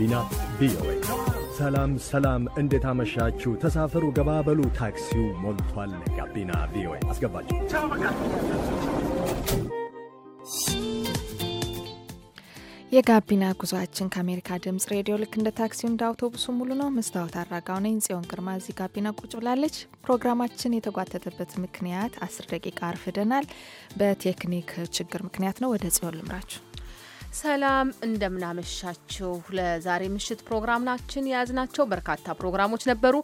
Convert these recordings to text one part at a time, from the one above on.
ጋቢና ቪኦኤ። ሰላም ሰላም፣ እንዴት አመሻችሁ? ተሳፈሩ፣ ገባበሉ፣ ታክሲው ሞልቷል። ጋቢና ቪኦኤ አስገባችሁ። የጋቢና ጉዟችን ከአሜሪካ ድምጽ ሬዲዮ ልክ እንደ ታክሲው እንደ አውቶቡሱ ሙሉ ነው። መስታወት አራጋው ነኝ። ጽዮን ግርማ እዚህ ጋቢና ቁጭ ብላለች። ፕሮግራማችን የተጓተተበት ምክንያት አስር ደቂቃ አርፍደናል። በቴክኒክ ችግር ምክንያት ነው። ወደ ጽዮን ልምራችሁ። ሰላም እንደምናመሻችሁ። ለዛሬ ምሽት ፕሮግራማችን የያዝናቸው በርካታ ፕሮግራሞች ነበሩ።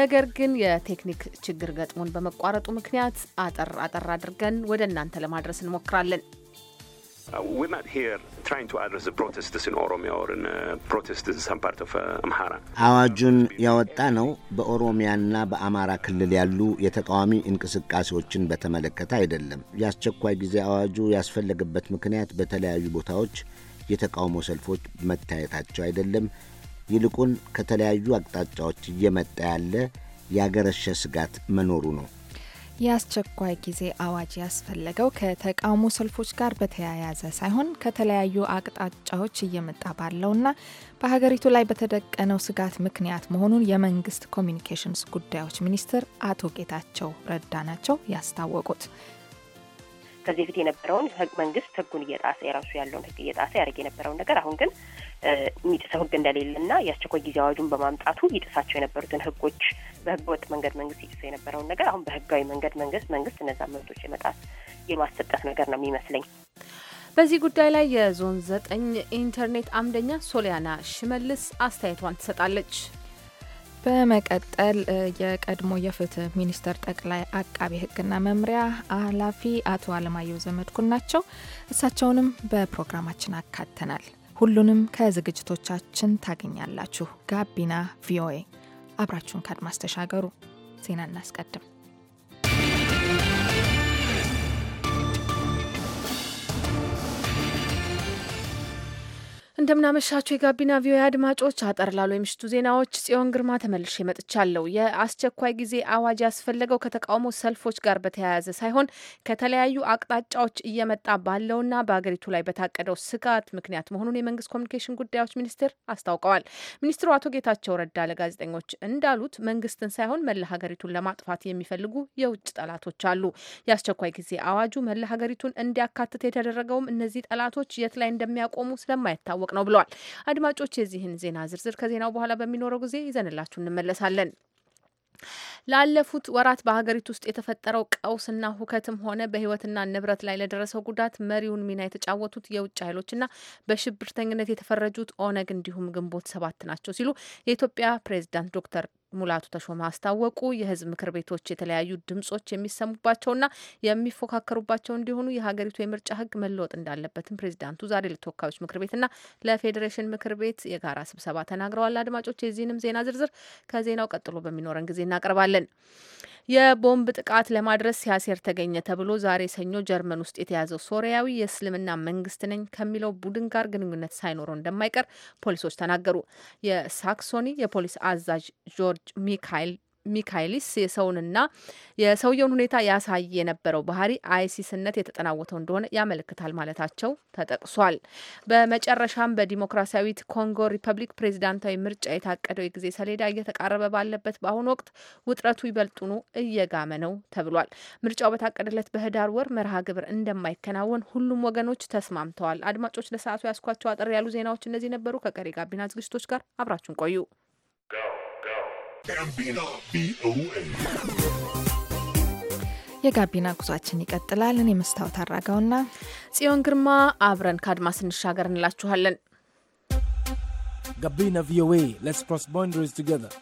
ነገር ግን የቴክኒክ ችግር ገጥሞን በመቋረጡ ምክንያት አጠር አጠር አድርገን ወደ እናንተ ለማድረስ እንሞክራለን። Uh, we're not here trying to address the protesters in Oromia or in uh, protesters in some part of uh, Amhara. አዋጁን ያወጣ ነው በኦሮሚያና በአማራ ክልል ያሉ የተቃዋሚ እንቅስቃሴዎችን በተመለከተ አይደለም። የአስቸኳይ ጊዜ አዋጁ ያስፈለገበት ምክንያት በተለያዩ ቦታዎች የተቃውሞ ሰልፎች መታየታቸው አይደለም። ይልቁን ከተለያዩ አቅጣጫዎች እየመጣ ያለ ያገረሸ ስጋት መኖሩ ነው። የአስቸኳይ ጊዜ አዋጅ ያስፈለገው ከተቃውሞ ሰልፎች ጋር በተያያዘ ሳይሆን ከተለያዩ አቅጣጫዎች እየመጣ ባለውና በሀገሪቱ ላይ በተደቀነው ስጋት ምክንያት መሆኑን የመንግስት ኮሚኒኬሽንስ ጉዳዮች ሚኒስትር አቶ ጌታቸው ረዳ ናቸው ያስታወቁት። ከዚህ በፊት የነበረውን ህግ መንግስት ህጉን እየጣሰ የራሱ ያለውን ህግ እየጣሰ ያደርግ የነበረውን ነገር አሁን ግን የሚጥሰው ህግ እንደሌለና የአስቸኳይ ጊዜ አዋጁን በማምጣቱ ይጥሳቸው የነበሩትን ህጎች በህገ ወጥ መንገድ መንግስት ይጥሰው የነበረውን ነገር አሁን በህጋዊ መንገድ መንግስት መንግስት እነዛ መብቶች የመጣት የማሰጠት ነገር ነው የሚመስለኝ። በዚህ ጉዳይ ላይ የዞን ዘጠኝ ኢንተርኔት አምደኛ ሶሊያና ሽመልስ አስተያየቷን ትሰጣለች። በመቀጠል የቀድሞ የፍትህ ሚኒስቴር ጠቅላይ አቃቤ ሕግና መምሪያ ኃላፊ አቶ አለማየሁ ዘመድኩን ናቸው። እሳቸውንም በፕሮግራማችን አካተናል። ሁሉንም ከዝግጅቶቻችን ታገኛላችሁ። ጋቢና ቪኦኤ አብራችሁን ከአድማስ ተሻገሩ። ዜና እናስቀድም። እንደምናመሻችሁ የጋቢና ቪዮ አድማጮች፣ አጠር ላሉ የምሽቱ ዜናዎች ጽዮን ግርማ ተመልሼ መጥቻለሁ። የአስቸኳይ ጊዜ አዋጅ ያስፈለገው ከተቃውሞ ሰልፎች ጋር በተያያዘ ሳይሆን ከተለያዩ አቅጣጫዎች እየመጣ ባለውና በሀገሪቱ ላይ በታቀደው ስጋት ምክንያት መሆኑን የመንግስት ኮሚኒኬሽን ጉዳዮች ሚኒስትር አስታውቀዋል። ሚኒስትሩ አቶ ጌታቸው ረዳ ለጋዜጠኞች እንዳሉት መንግስትን ሳይሆን መላ ሀገሪቱን ለማጥፋት የሚፈልጉ የውጭ ጠላቶች አሉ። የአስቸኳይ ጊዜ አዋጁ መላ ሀገሪቱን እንዲያካትት የተደረገውም እነዚህ ጠላቶች የት ላይ እንደሚያቆሙ ስለማይታወቅ የሚታወቅ ነው ብለዋል። አድማጮች የዚህን ዜና ዝርዝር ከዜናው በኋላ በሚኖረው ጊዜ ይዘንላችሁ እንመለሳለን። ላለፉት ወራት በሀገሪቱ ውስጥ የተፈጠረው ቀውስና ሁከትም ሆነ በህይወትና ንብረት ላይ ለደረሰው ጉዳት መሪውን ሚና የተጫወቱት የውጭ ኃይሎችና በሽብርተኝነት የተፈረጁት ኦነግ እንዲሁም ግንቦት ሰባት ናቸው ሲሉ የኢትዮጵያ ፕሬዚዳንት ዶክተር ሙላቱ ተሾመ አስታወቁ። የህዝብ ምክር ቤቶች የተለያዩ ድምጾች የሚሰሙባቸውና የሚፎካከሩባቸው እንዲሆኑ የሀገሪቱ የምርጫ ህግ መለወጥ እንዳለበትም ፕሬዚዳንቱ ዛሬ ለተወካዮች ምክር ቤትና ለፌዴሬሽን ምክር ቤት የጋራ ስብሰባ ተናግረዋል። አድማጮች፣ የዚህንም ዜና ዝርዝር ከዜናው ቀጥሎ በሚኖረን ጊዜ እናቀርባለን። የቦምብ ጥቃት ለማድረስ ሲያሴር ተገኘ ተብሎ ዛሬ ሰኞ ጀርመን ውስጥ የተያዘው ሶሪያዊ የእስልምና መንግስት ነኝ ከሚለው ቡድን ጋር ግንኙነት ሳይኖረው እንደማይቀር ፖሊሶች ተናገሩ። የሳክሶኒ የፖሊስ አዛዥ ጆርጅ ሚካኤል ሚካኤሊስ የሰውንና የሰውየውን ሁኔታ ያሳየ የነበረው ባህሪ አይሲስነት የተጠናወተው እንደሆነ ያመለክታል ማለታቸው ተጠቅሷል። በመጨረሻም በዲሞክራሲያዊት ኮንጎ ሪፐብሊክ ፕሬዚዳንታዊ ምርጫ የታቀደው የጊዜ ሰሌዳ እየተቃረበ ባለበት በአሁኑ ወቅት ውጥረቱ ይበልጡኑ እየጋመ ነው ተብሏል። ምርጫው በታቀደለት በህዳር ወር መርሃ ግብር እንደማይከናወን ሁሉም ወገኖች ተስማምተዋል። አድማጮች ለሰዓቱ ያስኳቸው አጠር ያሉ ዜናዎች እነዚህ ነበሩ። ከቀሪ ጋቢና ዝግጅቶች ጋር አብራችሁን ቆዩ። ጋቢና ቪኦኤ የጋቢና ጉዟችን ይቀጥላል። እኔ መስታወት አራጋውና ጽዮን ግርማ አብረን ከአድማስ እንሻገር እንላችኋለን። ጋቢና ቪኦኤ ሌትስ ክሮስ ባውንደሪስ ቱጌዘር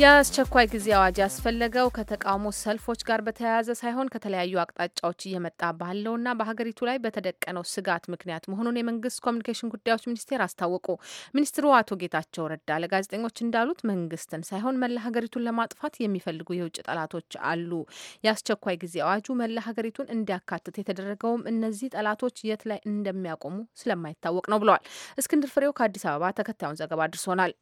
የአስቸኳይ ጊዜ አዋጅ ያስፈለገው ከተቃውሞ ሰልፎች ጋር በተያያዘ ሳይሆን ከተለያዩ አቅጣጫዎች እየመጣ ባለውና በሀገሪቱ ላይ በተደቀነው ስጋት ምክንያት መሆኑን የመንግስት ኮሚኒኬሽን ጉዳዮች ሚኒስቴር አስታወቁ። ሚኒስትሩ አቶ ጌታቸው ረዳ ለጋዜጠኞች እንዳሉት መንግስትን ሳይሆን መላ ሀገሪቱን ለማጥፋት የሚፈልጉ የውጭ ጠላቶች አሉ። የአስቸኳይ ጊዜ አዋጁ መላ ሀገሪቱን እንዲያካትት የተደረገውም እነዚህ ጠላቶች የት ላይ እንደሚያቆሙ ስለማይታወቅ ነው ብለዋል። እስክንድር ፍሬው ከአዲስ አበባ ተከታዩን ዘገባ አድርሶናል።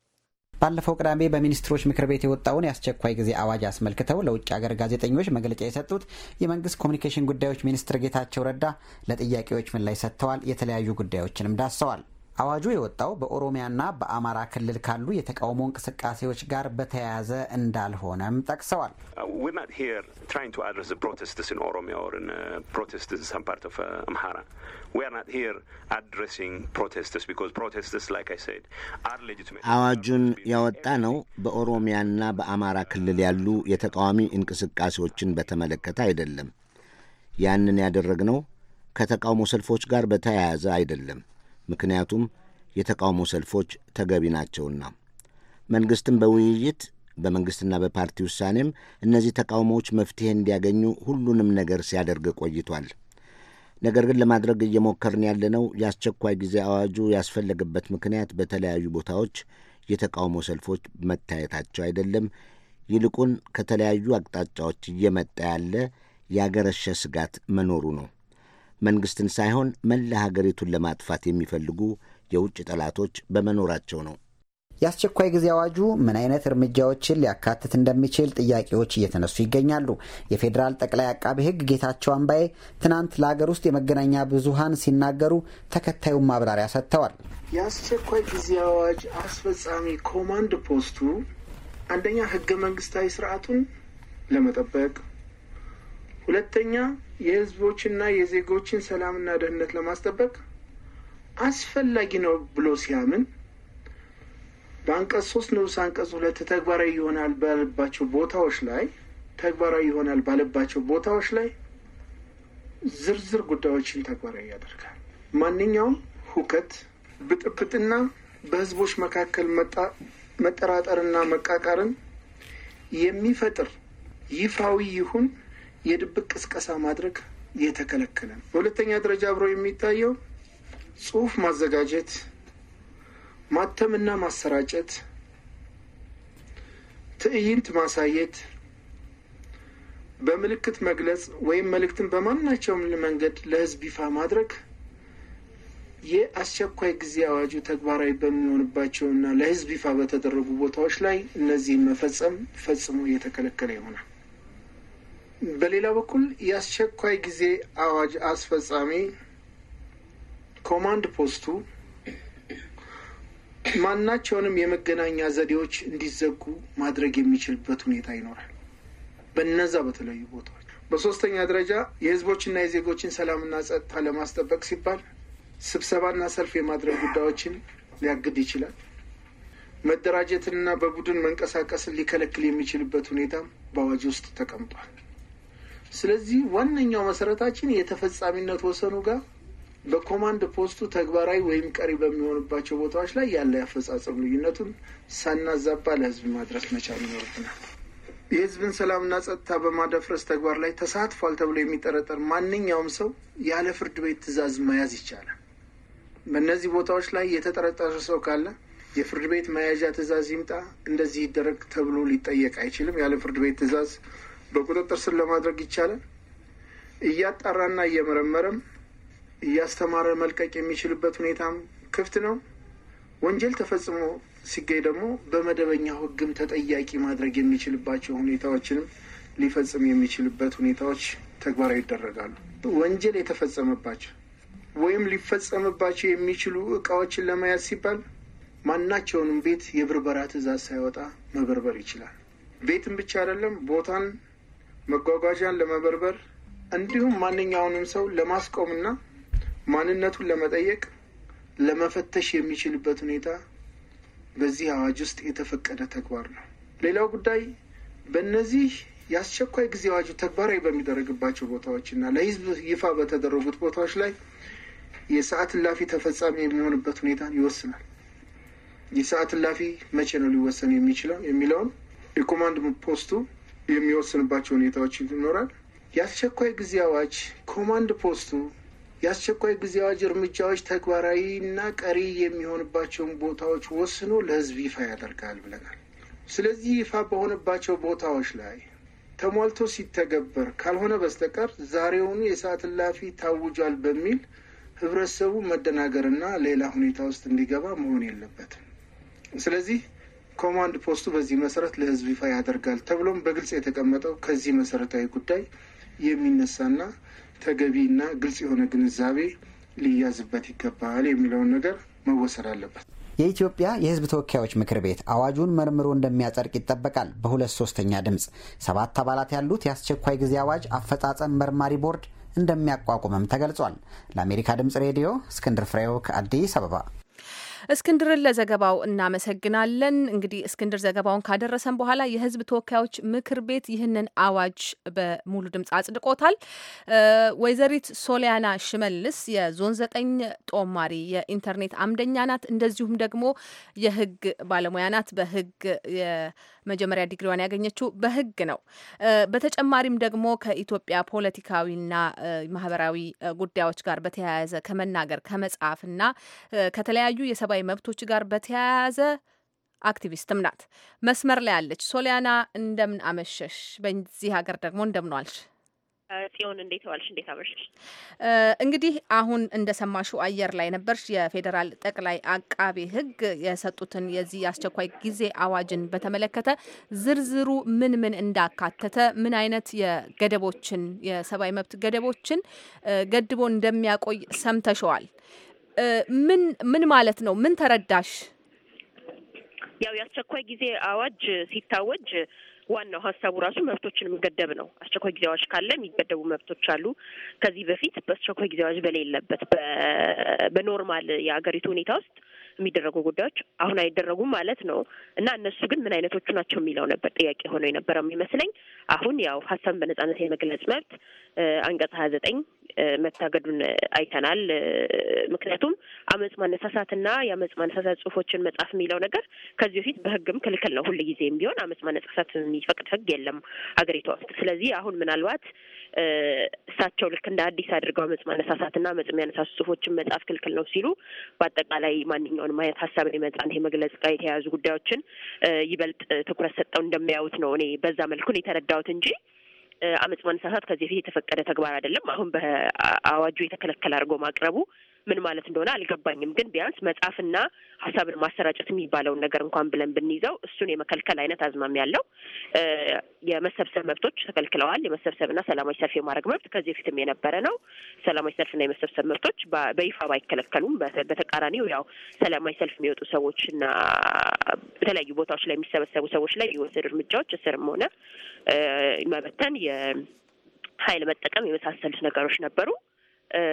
ባለፈው ቅዳሜ በሚኒስትሮች ምክር ቤት የወጣውን የአስቸኳይ ጊዜ አዋጅ አስመልክተው ለውጭ ሀገር ጋዜጠኞች መግለጫ የሰጡት የመንግስት ኮሚኒኬሽን ጉዳዮች ሚኒስትር ጌታቸው ረዳ ለጥያቄዎች ምላሽ ሰጥተዋል። የተለያዩ ጉዳዮችንም ዳሰዋል። አዋጁ የወጣው በኦሮሚያና በአማራ ክልል ካሉ የተቃውሞ እንቅስቃሴዎች ጋር በተያያዘ እንዳልሆነም ጠቅሰዋል። አዋጁን ያወጣ ነው በኦሮሚያና በአማራ ክልል ያሉ የተቃዋሚ እንቅስቃሴዎችን በተመለከተ አይደለም። ያንን ያደረግነው ከተቃውሞ ሰልፎች ጋር በተያያዘ አይደለም። ምክንያቱም የተቃውሞ ሰልፎች ተገቢ ናቸውና። መንግስትም በውይይት በመንግስትና በፓርቲ ውሳኔም እነዚህ ተቃውሞዎች መፍትሄ እንዲያገኙ ሁሉንም ነገር ሲያደርግ ቆይቷል። ነገር ግን ለማድረግ እየሞከርን ያለነው የአስቸኳይ ጊዜ አዋጁ ያስፈለገበት ምክንያት በተለያዩ ቦታዎች የተቃውሞ ሰልፎች መታየታቸው አይደለም፣ ይልቁን ከተለያዩ አቅጣጫዎች እየመጣ ያለ ያገረሸ ስጋት መኖሩ ነው። መንግሥትን ሳይሆን መላ ሀገሪቱን ለማጥፋት የሚፈልጉ የውጭ ጠላቶች በመኖራቸው ነው። የአስቸኳይ ጊዜ አዋጁ ምን አይነት እርምጃዎችን ሊያካትት እንደሚችል ጥያቄዎች እየተነሱ ይገኛሉ። የፌዴራል ጠቅላይ አቃቤ ሕግ ጌታቸው አምባዬ ትናንት ለሀገር ውስጥ የመገናኛ ብዙሃን ሲናገሩ ተከታዩን ማብራሪያ ሰጥተዋል። የአስቸኳይ ጊዜ አዋጅ አስፈጻሚ ኮማንድ ፖስቱ አንደኛ ሕገ መንግስታዊ ስርዓቱን ለመጠበቅ ሁለተኛ የህዝቦችና የዜጎችን ሰላምና ደህንነት ለማስጠበቅ አስፈላጊ ነው ብሎ ሲያምን በአንቀጽ ሶስት ንዑስ አንቀጽ ሁለት ተግባራዊ ይሆናል ባለባቸው ቦታዎች ላይ ተግባራዊ ይሆናል ባለባቸው ቦታዎች ላይ ዝርዝር ጉዳዮችን ተግባራዊ ያደርጋል። ማንኛውም ሁከት፣ ብጥብጥና በህዝቦች መካከል መጠራጠርና መቃቃርን የሚፈጥር ይፋዊ ይሁን የድብቅ ቅስቀሳ ማድረግ የተከለከለ ነው። በሁለተኛ ደረጃ አብሮ የሚታየው ጽሁፍ ማዘጋጀት፣ ማተምና ማሰራጨት፣ ትዕይንት ማሳየት፣ በምልክት መግለጽ ወይም መልእክትን በማናቸውም መንገድ ለህዝብ ይፋ ማድረግ የአስቸኳይ ጊዜ አዋጁ ተግባራዊ በሚሆንባቸውና ለህዝብ ይፋ በተደረጉ ቦታዎች ላይ እነዚህን መፈጸም ፈጽሞ እየተከለከለ ይሆናል። በሌላ በኩል የአስቸኳይ ጊዜ አዋጅ አስፈጻሚ ኮማንድ ፖስቱ ማናቸውንም የመገናኛ ዘዴዎች እንዲዘጉ ማድረግ የሚችልበት ሁኔታ ይኖራል። በነዛ በተለያዩ ቦታዎች። በሶስተኛ ደረጃ የህዝቦችና የዜጎችን ሰላምና ጸጥታ ለማስጠበቅ ሲባል ስብሰባና ሰልፍ የማድረግ ጉዳዮችን ሊያግድ ይችላል። መደራጀትንና በቡድን መንቀሳቀስን ሊከለክል የሚችልበት ሁኔታም በአዋጅ ውስጥ ተቀምጧል። ስለዚህ ዋነኛው መሰረታችን የተፈጻሚነት ወሰኑ ጋር በኮማንድ ፖስቱ ተግባራዊ ወይም ቀሪ በሚሆንባቸው ቦታዎች ላይ ያለ ያፈጻጸም ልዩነቱን ሳናዛባ ለህዝብ ማድረስ መቻል ይኖርብናል። የህዝብን ሰላምና ጸጥታ በማደፍረስ ተግባር ላይ ተሳትፏል ተብሎ የሚጠረጠር ማንኛውም ሰው ያለ ፍርድ ቤት ትዕዛዝ መያዝ ይቻላል። በእነዚህ ቦታዎች ላይ የተጠረጠረ ሰው ካለ የፍርድ ቤት መያዣ ትዕዛዝ ይምጣ፣ እንደዚህ ይደረግ ተብሎ ሊጠየቅ አይችልም። ያለ ፍርድ ቤት ትዕዛዝ በቁጥጥር ስር ለማድረግ ይቻላል። እያጣራና እየመረመረም እያስተማረ መልቀቅ የሚችልበት ሁኔታም ክፍት ነው። ወንጀል ተፈጽሞ ሲገኝ ደግሞ በመደበኛ ሕግም ተጠያቂ ማድረግ የሚችልባቸው ሁኔታዎችንም ሊፈጽም የሚችልበት ሁኔታዎች ተግባራዊ ይደረጋሉ። ወንጀል የተፈጸመባቸው ወይም ሊፈጸምባቸው የሚችሉ እቃዎችን ለመያዝ ሲባል ማናቸውንም ቤት የብርበራ ትዕዛዝ ሳይወጣ መበርበር ይችላል። ቤትን ብቻ አይደለም ቦታን መጓጓዣን ለመበርበር እንዲሁም ማንኛውንም ሰው ለማስቆምና ማንነቱን ለመጠየቅ ለመፈተሽ የሚችልበት ሁኔታ በዚህ አዋጅ ውስጥ የተፈቀደ ተግባር ነው። ሌላው ጉዳይ በእነዚህ የአስቸኳይ ጊዜ አዋጁ ተግባራዊ በሚደረግባቸው ቦታዎችና ለሕዝብ ይፋ በተደረጉት ቦታዎች ላይ የሰዓት እላፊ ተፈጻሚ የሚሆንበት ሁኔታ ይወስናል። የሰዓት እላፊ መቼ ነው ሊወሰን የሚችለው የሚለውን የኮማንድ ፖስቱ የሚወስንባቸው ሁኔታዎች ይኖራል። የአስቸኳይ ጊዜ አዋጅ ኮማንድ ፖስቱ የአስቸኳይ ጊዜ አዋጅ እርምጃዎች ተግባራዊና ቀሪ የሚሆንባቸውን ቦታዎች ወስኖ ለሕዝብ ይፋ ያደርጋል ብለናል። ስለዚህ ይፋ በሆነባቸው ቦታዎች ላይ ተሟልቶ ሲተገበር ካልሆነ በስተቀር ዛሬውኑ የሰዓት እላፊ ታውጇል በሚል ህብረተሰቡ መደናገርና ሌላ ሁኔታ ውስጥ እንዲገባ መሆን የለበትም። ስለዚህ ኮማንድ ፖስቱ በዚህ መሰረት ለህዝብ ይፋ ያደርጋል ተብሎም በግልጽ የተቀመጠው ከዚህ መሰረታዊ ጉዳይ የሚነሳና ተገቢና ግልጽ የሆነ ግንዛቤ ሊያዝበት ይገባል የሚለውን ነገር መወሰድ አለበት። የኢትዮጵያ የህዝብ ተወካዮች ምክር ቤት አዋጁን መርምሮ እንደሚያጸድቅ ይጠበቃል። በሁለት ሶስተኛ ድምፅ ሰባት አባላት ያሉት የአስቸኳይ ጊዜ አዋጅ አፈጻጸም መርማሪ ቦርድ እንደሚያቋቁምም ተገልጿል። ለአሜሪካ ድምፅ ሬዲዮ እስክንድር ፍሬው ከአዲስ አበባ እስክንድርን ለዘገባው እናመሰግናለን። እንግዲህ እስክንድር ዘገባውን ካደረሰን በኋላ የህዝብ ተወካዮች ምክር ቤት ይህንን አዋጅ በሙሉ ድምፅ አጽድቆታል። ወይዘሪት ሶሊያና ሽመልስ የዞን ዘጠኝ ጦማሪ የኢንተርኔት አምደኛ ናት። እንደዚሁም ደግሞ የህግ ባለሙያ ናት። በህግ የመጀመሪያ ዲግሪዋን ያገኘችው በህግ ነው። በተጨማሪም ደግሞ ከኢትዮጵያ ፖለቲካዊና ማህበራዊ ጉዳዮች ጋር በተያያዘ ከመናገር ከመጻፍና ከተለያዩ የሰብአዊ ከሰብአዊ መብቶች ጋር በተያያዘ አክቲቪስትም ናት። መስመር ላይ አለች። ሶሊያና እንደምን አመሸሽ? በዚህ ሀገር ደግሞ እንደምን ዋልሽ? እንዴት ዋልሽ? እንዴት አመሸሽ? እንግዲህ አሁን እንደ ሰማሹ አየር ላይ ነበርሽ። የፌዴራል ጠቅላይ አቃቤ ሕግ የሰጡትን የዚህ የአስቸኳይ ጊዜ አዋጅን በተመለከተ ዝርዝሩ ምን ምን እንዳካተተ፣ ምን አይነት የገደቦችን የሰብአዊ መብት ገደቦችን ገድቦ እንደሚያቆይ ሰምተሸዋል። ምን ምን ማለት ነው? ምን ተረዳሽ? ያው የአስቸኳይ ጊዜ አዋጅ ሲታወጅ ዋናው ሀሳቡ ራሱ መብቶችን የሚገደብ ነው። አስቸኳይ ጊዜ አዋጅ ካለ የሚገደቡ መብቶች አሉ። ከዚህ በፊት በአስቸኳይ ጊዜ አዋጅ በሌለበት በኖርማል የሀገሪቱ ሁኔታ ውስጥ የሚደረጉ ጉዳዮች አሁን አይደረጉም ማለት ነው እና እነሱ ግን ምን አይነቶቹ ናቸው የሚለው ነበር ጥያቄ ሆነው የነበረው የሚመስለኝ። አሁን ያው ሀሳብን በነጻነት የመግለጽ መብት አንቀጽ ሀያ ዘጠኝ መታገዱን አይተናል። ምክንያቱም አመፅ ማነሳሳትና የአመፅ ማነሳሳት ጽሁፎችን መጻፍ የሚለው ነገር ከዚህ በፊት በህግም ክልክል ነው። ሁልጊዜም ቢሆን አመፅ ማነሳሳት የሚፈቅድ ህግ የለም ሀገሪቷ ውስጥ። ስለዚህ አሁን ምናልባት እሳቸው ልክ እንደ አዲስ አድርገው አመፅ ማነሳሳትና አመፅ የሚያነሳሱ ጽሁፎችን መጻፍ ክልክል ነው ሲሉ በአጠቃላይ ማንኛውንም አይነት ሀሳብን የመጻን መግለጽ ጋር የተያያዙ ጉዳዮችን ይበልጥ ትኩረት ሰጠው እንደሚያዩት ነው። እኔ በዛ መልኩን የተረዳሁት እንጂ አመፅ ማንሳሳት ከዚህ በፊት የተፈቀደ ተግባር አይደለም። አሁን በአዋጁ የተከለከለ አድርጎ ማቅረቡ ምን ማለት እንደሆነ አልገባኝም። ግን ቢያንስ መጻፍና ሀሳብን ማሰራጨት የሚባለውን ነገር እንኳን ብለን ብንይዘው እሱን የመከልከል አይነት አዝማሚ ያለው የመሰብሰብ መብቶች ተከልክለዋል። የመሰብሰብና ሰላማዊ ሰልፍ የማድረግ መብት ከዚህ በፊትም የነበረ ነው። ሰላማዊ ሰልፍና የመሰብሰብ መብቶች በይፋ ባይከለከሉም፣ በተቃራኒው ያው ሰላማዊ ሰልፍ የሚወጡ ሰዎችና በተለያዩ ቦታዎች ላይ የሚሰበሰቡ ሰዎች ላይ የወሰዱ እርምጃዎች እስርም ሆነ መበተን፣ የሀይል መጠቀም የመሳሰሉት ነገሮች ነበሩ።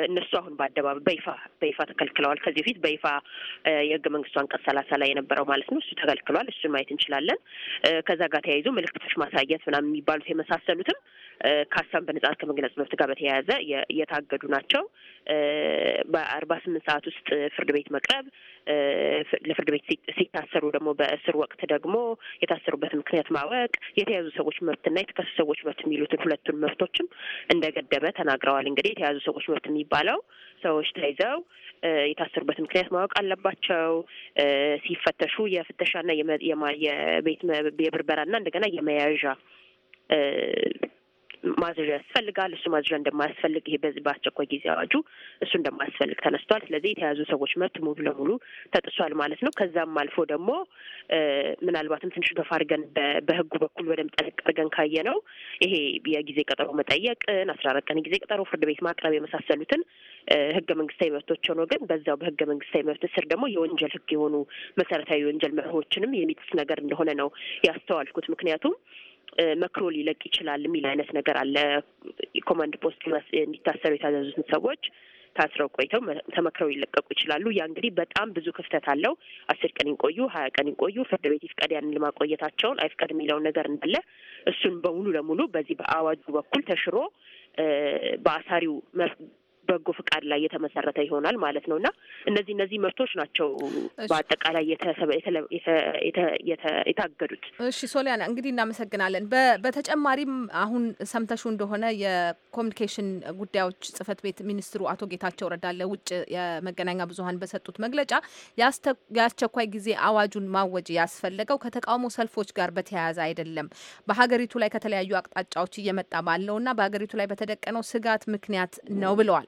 እነሱ አሁን በአደባባይ በይፋ በይፋ ተከልክለዋል። ከዚህ በፊት በይፋ የህገ መንግስቱ አንቀጽ ሰላሳ ላይ የነበረው ማለት ነው እሱ ተከልክሏል። እሱን ማየት እንችላለን። ከዛ ጋር ተያይዞ ምልክቶች ማሳየት ምናምን የሚባሉት የመሳሰሉትም ከሀሳብን በነጻነት ከመግለጽ መብት ጋር በተያያዘ የታገዱ ናቸው። በአርባ ስምንት ሰዓት ውስጥ ፍርድ ቤት መቅረብ ለፍርድ ቤት ሲታሰሩ ደግሞ በእስር ወቅት ደግሞ የታሰሩበት ምክንያት ማወቅ የተያዙ ሰዎች መብትና የተከሱ ሰዎች መብት የሚሉትን ሁለቱን መብቶችም እንደገደበ ተናግረዋል። እንግዲህ የተያዙ ሰዎች መብት የሚባለው ሰዎች ተይዘው የታሰሩበት ምክንያት ማወቅ አለባቸው። ሲፈተሹ የፍተሻና የቤት የብርበራና እንደገና የመያዣ ማዘዣ ያስፈልጋል። እሱ ማዘዣ እንደማያስፈልግ ይሄ በዚህ በአስቸኳይ ጊዜ አዋጁ እሱ እንደማያስፈልግ ተነስቷል። ስለዚህ የተያዙ ሰዎች መብት ሙሉ ለሙሉ ተጥሷል ማለት ነው። ከዛም አልፎ ደግሞ ምናልባትም ትንሽ ገፋ አድርገን በህጉ በኩል በደንብ ጠለቅ አድርገን ካየ ነው ይሄ የጊዜ ቀጠሮ መጠየቅን፣ አስራ አራት ቀን የጊዜ ቀጠሮ ፍርድ ቤት ማቅረብ የመሳሰሉትን ህገ መንግስታዊ መብቶች ሆኖ ግን በዛው በህገ መንግስታዊ መብት ስር ደግሞ የወንጀል ህግ የሆኑ መሰረታዊ የወንጀል መርሆችንም የሚጥስ ነገር እንደሆነ ነው ያስተዋልኩት። ምክንያቱም መክሮ ሊለቅ ይችላል የሚል አይነት ነገር አለ። ኮማንድ ፖስት እንዲታሰሩ የታዘዙትን ሰዎች ታስረው ቆይተው ተመክረው ይለቀቁ ይችላሉ። ያ እንግዲህ በጣም ብዙ ክፍተት አለው። አስር ቀን ይቆዩ፣ ሀያ ቀን ይቆዩ፣ ፍርድ ቤት ይፍቀድ ያንን ማቆየታቸውን አይፍቀድ የሚለውን ነገር እንዳለ እሱን በሙሉ ለሙሉ በዚህ በአዋጁ በኩል ተሽሮ በአሳሪው በጎ ፍቃድ ላይ የተመሰረተ ይሆናል ማለት ነው እና እነዚህ እነዚህ ምርቶች ናቸው በአጠቃላይ የታገዱት። እሺ ሶሊያና፣ እንግዲህ እናመሰግናለን። በተጨማሪም አሁን ሰምተሹ እንደሆነ የኮሚኒኬሽን ጉዳዮች ጽህፈት ቤት ሚኒስትሩ አቶ ጌታቸው ረዳ ለውጭ የመገናኛ ብዙኃን በሰጡት መግለጫ የአስቸኳይ ጊዜ አዋጁን ማወጅ ያስፈለገው ከተቃውሞ ሰልፎች ጋር በተያያዘ አይደለም፣ በሀገሪቱ ላይ ከተለያዩ አቅጣጫዎች እየመጣ ባለውና በሀገሪቱ ላይ በተደቀነው ስጋት ምክንያት ነው ብለዋል።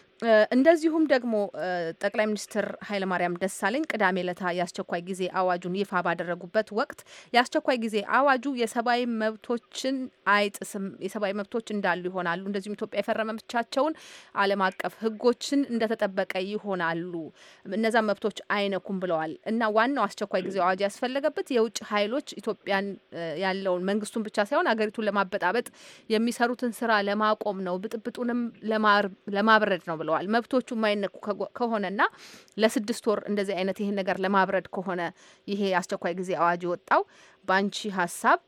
እንደዚሁም ደግሞ ጠቅላይ ሚኒስትር ኃይለማርያም ደሳለኝ ቅዳሜ ለታ የአስቸኳይ ጊዜ አዋጁን ይፋ ባደረጉበት ወቅት የአስቸኳይ ጊዜ አዋጁ የሰብአዊ መብቶችን አይጥስም፣ የሰብአዊ መብቶች እንዳሉ ይሆናሉ፣ እንደዚሁም ኢትዮጵያ የፈረመቻቸውን ዓለም አቀፍ ሕጎችን እንደተጠበቀ ይሆናሉ፣ እነዛን መብቶች አይነኩም ብለዋል እና ዋናው አስቸኳይ ጊዜ አዋጅ ያስፈለገበት የውጭ ኃይሎች ኢትዮጵያን ያለውን መንግስቱን ብቻ ሳይሆን አገሪቱን ለማበጣበጥ የሚሰሩትን ስራ ለማቆም ነው፣ ብጥብጡንም ለማብረድ ነው ብለዋል። ብለዋል። መብቶቹ የማይነኩ ከሆነና ለስድስት ወር እንደዚህ አይነት ይህን ነገር ለማብረድ ከሆነ ይሄ አስቸኳይ ጊዜ አዋጅ የወጣው በአንቺ ሀሳብ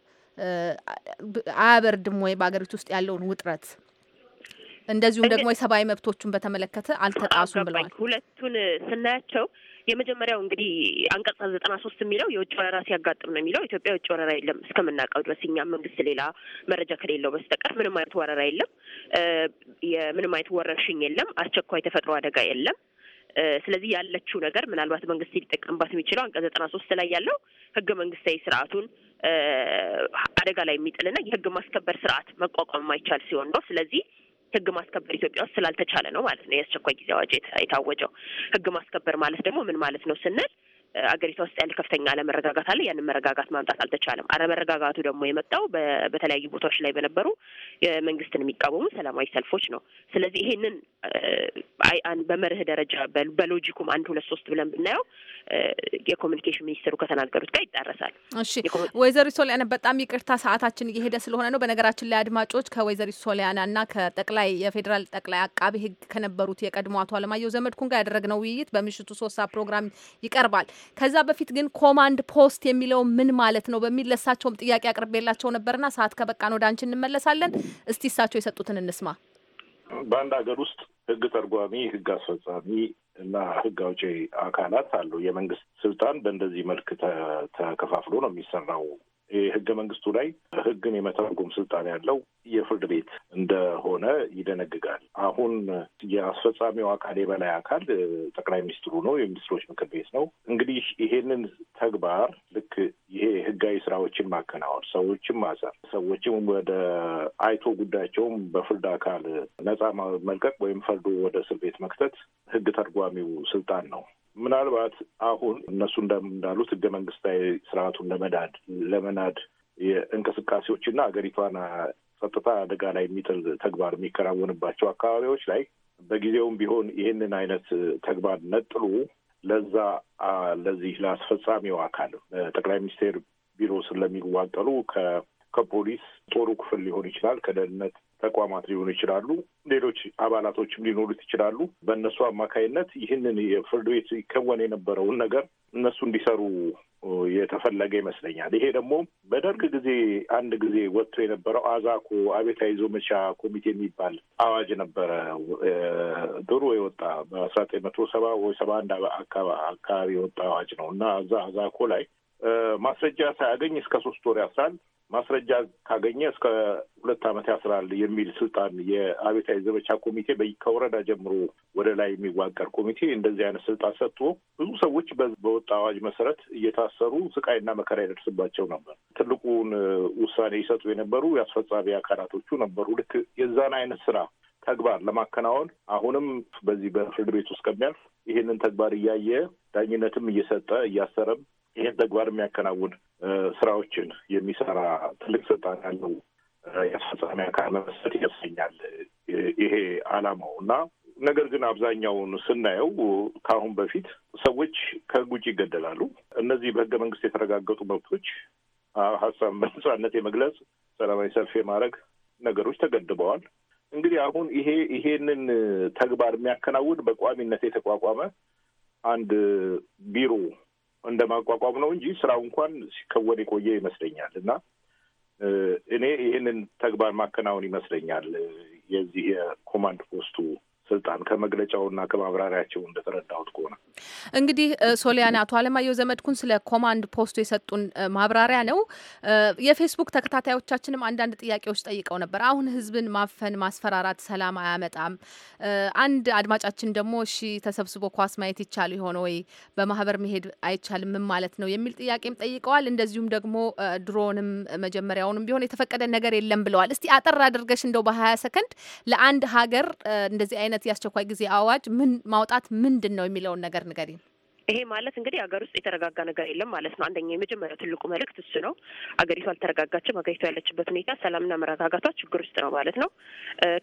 አያበርድም ወይ በሀገሪቱ ውስጥ ያለውን ውጥረት? እንደዚሁም ደግሞ የሰብአዊ መብቶቹን በተመለከተ አልተጣሱም ብለዋል። ሁለቱን ስናያቸው የመጀመሪያው እንግዲህ አንቀጽ ዘጠና ሶስት የሚለው የውጭ ወረራ ሲያጋጥም ነው የሚለው። ኢትዮጵያ የውጭ ወረራ የለም እስከምናውቀው ድረስ እኛ መንግስት ሌላ መረጃ ከሌለው በስተቀር ምንም አይነት ወረራ የለም፣ ምንም አይነት ወረርሽኝ የለም፣ አስቸኳይ ተፈጥሮ አደጋ የለም። ስለዚህ ያለችው ነገር ምናልባት መንግስት ሊጠቀምባት የሚችለው አንቀጽ ዘጠና ሶስት ላይ ያለው ህገ መንግስታዊ ስርዓቱን አደጋ ላይ የሚጥልና የህግ ማስከበር ስርዓት መቋቋም ማይቻል ሲሆን ነው። ስለዚህ ህግ ማስከበር ኢትዮጵያ ውስጥ ስላልተቻለ ነው ማለት ነው የአስቸኳይ ጊዜ አዋጅ የታወጀው። ህግ ማስከበር ማለት ደግሞ ምን ማለት ነው ስንል አገሪቷ ውስጥ ያለ ከፍተኛ አለመረጋጋት አለ። ያንን መረጋጋት ማምጣት አልተቻለም። አለመረጋጋቱ ደግሞ የመጣው በተለያዩ ቦታዎች ላይ በነበሩ የመንግስትን የሚቃወሙ ሰላማዊ ሰልፎች ነው። ስለዚህ ይሄንን በመርህ ደረጃ በሎጂኩም አንድ ሁለት ሶስት ብለን ብናየው የኮሚኒኬሽን ሚኒስትሩ ከተናገሩት ጋር ይጣረሳል። እሺ ወይዘሪት ሶሊያና በጣም ይቅርታ ሰዓታችን እየሄደ ስለሆነ ነው። በነገራችን ላይ አድማጮች ከወይዘሪ ሶሊያና እና ከጠቅላይ የፌዴራል ጠቅላይ አቃቢ ህግ ከነበሩት የቀድሞ አቶ አለማየሁ ዘመድኩን ጋር ያደረግነው ውይይት በምሽቱ ሶስት ሰዓት ፕሮግራም ይቀርባል። ከዛ በፊት ግን ኮማንድ ፖስት የሚለው ምን ማለት ነው በሚል ለሳቸውም ጥያቄ አቅርቤላቸው ነበርና ሰዓት ከበቃን ወደ አንቺ እንመለሳለን። እስቲ እሳቸው የሰጡትን እንስማ። በአንድ ሀገር ውስጥ ህግ ተርጓሚ፣ ህግ አስፈጻሚ እና ህግ አውጪ አካላት አሉ። የመንግስት ስልጣን በእንደዚህ መልክ ተከፋፍሎ ነው የሚሰራው የህገ መንግስቱ ላይ ህግን የመተርጎም ስልጣን ያለው የፍርድ ቤት እንደሆነ ይደነግጋል። አሁን የአስፈጻሚው አካል የበላይ አካል ጠቅላይ ሚኒስትሩ ነው፣ የሚኒስትሮች ምክር ቤት ነው። እንግዲህ ይሄንን ተግባር ልክ ይሄ ህጋዊ ስራዎችን ማከናወን፣ ሰዎችን ማሰር፣ ሰዎችም ወደ አይቶ ጉዳያቸውም በፍርድ አካል ነጻ መልቀቅ ወይም ፈርዶ ወደ እስር ቤት መክተት ህግ ተርጓሚው ስልጣን ነው። ምናልባት አሁን እነሱ እንዳሉት ህገ መንግስታዊ ስርዓቱን ለመዳድ ለመናድ እንቅስቃሴዎችና ሀገሪቷን ጸጥታ አደጋ ላይ የሚጥል ተግባር የሚከናወንባቸው አካባቢዎች ላይ በጊዜውም ቢሆን ይህንን አይነት ተግባር ነጥሉ ለዛ ለዚህ ለአስፈጻሚው አካል ጠቅላይ ሚኒስቴር ቢሮ ስለሚዋቀሉ ከፖሊስ ጦሩ ክፍል ሊሆን ይችላል፣ ከደህንነት ተቋማት ሊሆኑ ይችላሉ፣ ሌሎች አባላቶችም ሊኖሩት ይችላሉ። በእነሱ አማካይነት ይህንን የፍርድ ቤት ይከወን የነበረውን ነገር እነሱ እንዲሰሩ የተፈለገ ይመስለኛል። ይሄ ደግሞ በደርግ ጊዜ አንድ ጊዜ ወጥቶ የነበረው አዛኮ አቤታዊ ዘመቻ ኮሚቴ የሚባል አዋጅ ነበረ። ድሮ የወጣ በአስራ ዘጠኝ መቶ ሰባ ወይ ሰባ አንድ አካባቢ የወጣ አዋጅ ነው እና እዛ አዛኮ ላይ ማስረጃ ሳያገኝ እስከ ሶስት ወር ያስራል፣ ማስረጃ ካገኘ እስከ ሁለት ዓመት ያስራል የሚል ስልጣን የአቤታዊ ዘመቻ ኮሚቴ ከወረዳ ጀምሮ ወደ ላይ የሚዋቀር ኮሚቴ እንደዚህ አይነት ስልጣን ሰጥቶ ብዙ ሰዎች በወጣ አዋጅ መሰረት እየታሰሩ ስቃይና መከራ ይደርስባቸው ነበር። ትልቁን ውሳኔ ይሰጡ የነበሩ የአስፈጻሚ አካላቶቹ ነበሩ። ልክ የዛን አይነት ስራ ተግባር ለማከናወን አሁንም በዚህ በፍርድ ቤት ውስጥ ከሚያልፍ ይህንን ተግባር እያየ ዳኝነትም እየሰጠ እያሰረም ይህን ተግባር የሚያከናውን ስራዎችን የሚሰራ ትልቅ ስልጣን ያለው የአስፈጻሚ አካል መመስረት ያሰኛል ይሄ አላማው እና ነገር ግን አብዛኛውን ስናየው ከአሁን በፊት ሰዎች ከህግ ውጭ ይገደላሉ። እነዚህ በህገ መንግስት የተረጋገጡ መብቶች ሀሳብ በነጻነት የመግለጽ፣ ሰላማዊ ሰልፍ የማድረግ ነገሮች ተገድበዋል። እንግዲህ አሁን ይሄ ይሄንን ተግባር የሚያከናውን በቋሚነት የተቋቋመ አንድ ቢሮ እንደ ማቋቋም ነው እንጂ ስራው እንኳን ሲከወን የቆየ ይመስለኛል። እና እኔ ይህንን ተግባር ማከናወን ይመስለኛል የዚህ የኮማንድ ፖስቱ ስልጣን ከመግለጫውና ከማብራሪያቸው እንደተረዳሁት ከሆነ እንግዲህ ሶሊያን አቶ አለማየሁ ዘመድኩን ስለ ኮማንድ ፖስቱ የሰጡን ማብራሪያ ነው። የፌስቡክ ተከታታዮቻችንም አንዳንድ ጥያቄዎች ጠይቀው ነበር። አሁን ህዝብን ማፈን፣ ማስፈራራት ሰላም አያመጣም። አንድ አድማጫችን ደግሞ እሺ ተሰብስቦ ኳስ ማየት ይቻል የሆነ ወይ በማህበር መሄድ አይቻልም ማለት ነው የሚል ጥያቄም ጠይቀዋል። እንደዚሁም ደግሞ ድሮንም መጀመሪያውንም ቢሆን የተፈቀደ ነገር የለም ብለዋል። እስቲ አጠር አድርገሽ እንደው በሀያ ሰከንድ ለአንድ ሀገር እንደዚህ አይነት አይነት የአስቸኳይ ጊዜ አዋጅ ምን ማውጣት ምንድን ነው የሚለውን ነገር ንገሪን። ይሄ ማለት እንግዲህ ሀገር ውስጥ የተረጋጋ ነገር የለም ማለት ነው። አንደኛ የመጀመሪያው ትልቁ መልእክት እሱ ነው። ሀገሪቱ አልተረጋጋችም። ሀገሪቱ ያለችበት ሁኔታ ሰላምና መረጋጋቷ ችግር ውስጥ ነው ማለት ነው።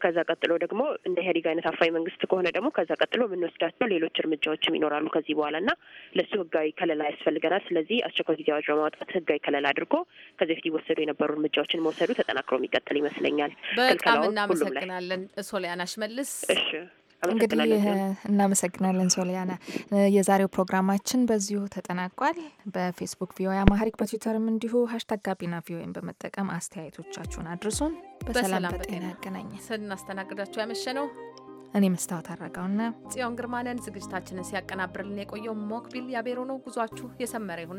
ከዛ ቀጥሎ ደግሞ እንደ ኢህአዴግ አይነት አፋኝ መንግስት ከሆነ ደግሞ ከዛ ቀጥሎ የምንወስዳቸው ሌሎች እርምጃዎችም ይኖራሉ ከዚህ በኋላ እና ለእሱ ህጋዊ ከለላ ያስፈልገናል። ስለዚህ አስቸኳይ ጊዜ አዋጅ በማውጣት ህጋዊ ከለላ አድርጎ ከዚህ በፊት ይወሰዱ የነበሩ እርምጃዎችን መውሰዱ ተጠናክሮ የሚቀጥል ይመስለኛል። በጣም እናመሰግናለን ሶሊያና ሽመልስ። እሺ እንግዲህ እናመሰግናለን ሶሊያና። የዛሬው ፕሮግራማችን በዚሁ ተጠናቋል። በፌስቡክ ቪኦኤ አማሪክ በትዊተርም እንዲሁ ሀሽታግ ጋቢና ቪኦኤን በመጠቀም አስተያየቶቻችሁን አድርሱን። በሰላም በጤና ያገናኘ ስናስተናግዳችሁ ያመሸ ነው እኔ መስታወት አረጋውና ጽዮን ግርማንን። ዝግጅታችንን ሲያቀናብርልን የቆየው ሞክቢል ያቤሮ ነው። ጉዟችሁ የሰመረ ይሁን።